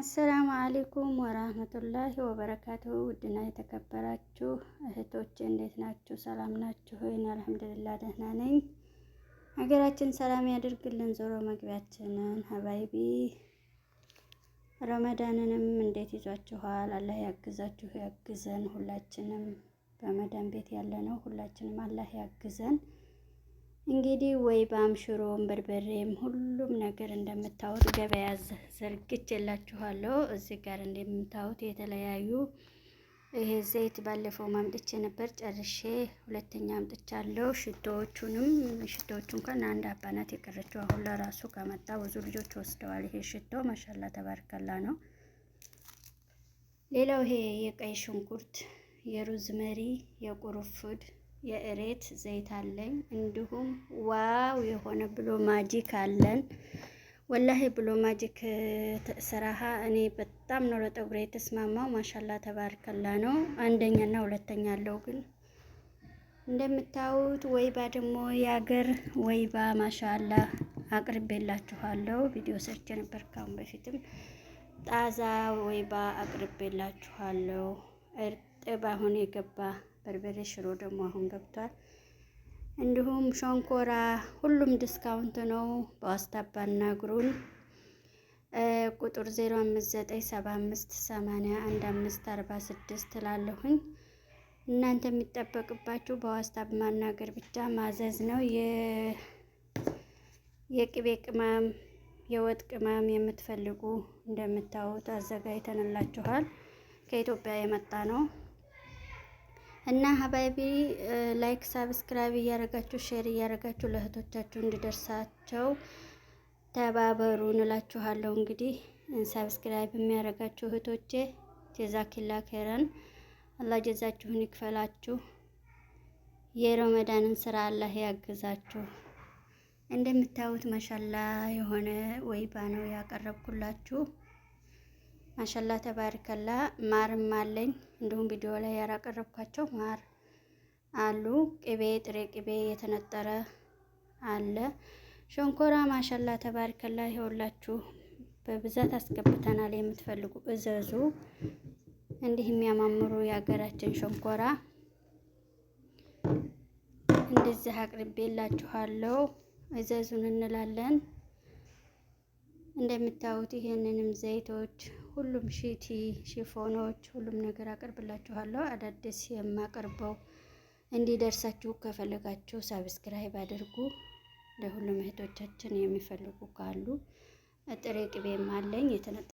አሰላሙ አሌይኩም ወራህመቱላሂ ወበረካቱ። ውድና የተከበራችሁ እህቶች እንዴት ናችሁ? ሰላም ናችሁ ወይ? አልሐምዱሊላ ደህና ነኝ። ሀገራችን ሰላም ያደርግልን ዞሮ መግቢያችንን ሀባይቢ ረመዳንንም እንዴት ይዟችኋል? አላህ ያግዛችሁ ያግዘን። ሁላችንም በመዳን ቤት ያለ ነው። ሁላችንም አላህ ያግዘን። እንግዲህ ወይባም ሽሮም በርበሬም ሁሉም ነገር እንደምታዩት ገበያ ዘርግቼላችኋለሁ። እዚህ ጋር እንደምታዩት የተለያዩ ይሄ ዘይት ባለፈው ማምጥቼ ነበር ጨርሼ ሁለተኛ አምጥቻለሁ። ሽቶዎቹንም ሽቶዎቹ እንኳን አንድ አባናት የቀረችው አሁን ለራሱ ከመጣ ብዙ ልጆች ወስደዋል። ይሄ ሽቶ ማሻላ ተባርከላ ነው። ሌላው ይሄ የቀይ ሽንኩርት የሩዝመሪ የቁርፉድ የእሬት ዘይት አለኝ። እንዲሁም ዋው የሆነ ብሎ ማጂክ አለን። ወላሂ ብሎ ማጂክ ስራሃ እኔ በጣም ነው ለጠጉር የተስማማው። ማሻላ ተባርከላ ነው። አንደኛና ሁለተኛ አለው ግን እንደምታዩት ወይባ ደግሞ የአገር ወይባ ማሻላ አቅርቤላችኋለሁ። ቪዲዮ ሰርቼ ነበር ካሁን በፊትም ጣዛ ወይባ አቅርቤላችኋለሁ። እርጥብ አሁን የገባ በርበሬ፣ ሽሮ ደግሞ አሁን ገብቷል። እንዲሁም ሸንኮራ ሁሉም ዲስካውንት ነው። በዋስታባ አናግሩን። ቁጥር 0597581546 ትላለሁኝ እናንተ የሚጠበቅባችሁ በዋስታብ ማናገር ብቻ ማዘዝ ነው። የቅቤ ቅመም፣ የወጥ ቅመም የምትፈልጉ እንደምታዩት አዘጋጅተንላችኋል። ከኢትዮጵያ የመጣ ነው። እና ሀባይቢ ላይክ ሳብስክራይብ እያደረጋችሁ ሼር እያደረጋችሁ ለእህቶቻችሁ እንድደርሳቸው ተባበሩ እንላችኋለሁ። እንግዲህ ሳብስክራይብ የሚያደርጋችሁ እህቶቼ ጀዛኪላ ከረን አላህ ጀዛችሁን ይክፈላችሁ። የረመዳንን ስራ አላህ ያግዛችሁ። እንደምታዩት መሻላ የሆነ ወይባ ነው ያቀረብኩላችሁ። ማሻላ ተባርከላ ማርም አለኝ። እንዲሁም ቪዲዮ ላይ ያላቀረብኳቸው ማር አሉ። ቅቤ፣ ጥሬ ቅቤ የተነጠረ አለ። ሸንኮራ ማሻላ ተባርከላ ይኸውላችሁ በብዛት አስገብተናል። የምትፈልጉ እዘዙ። እንዲህ የሚያማምሩ የሀገራችን ሸንኮራ እንደዚህ አቅርቤላችኋለሁ። እዘዙን እንላለን። እንደምታዩት ይሄንንም ዘይቶች፣ ሁሉም ሺቲ ሽፎኖች፣ ሁሉም ነገር አቀርብላችኋለሁ። አዳዲስ የማቀርበው እንዲደርሳችሁ ከፈለጋችሁ ሳብስክራይብ አድርጉ። ለሁሉም እህቶቻችን የሚፈልጉ ካሉ ጥሬ ቅቤም አለኝ የተነ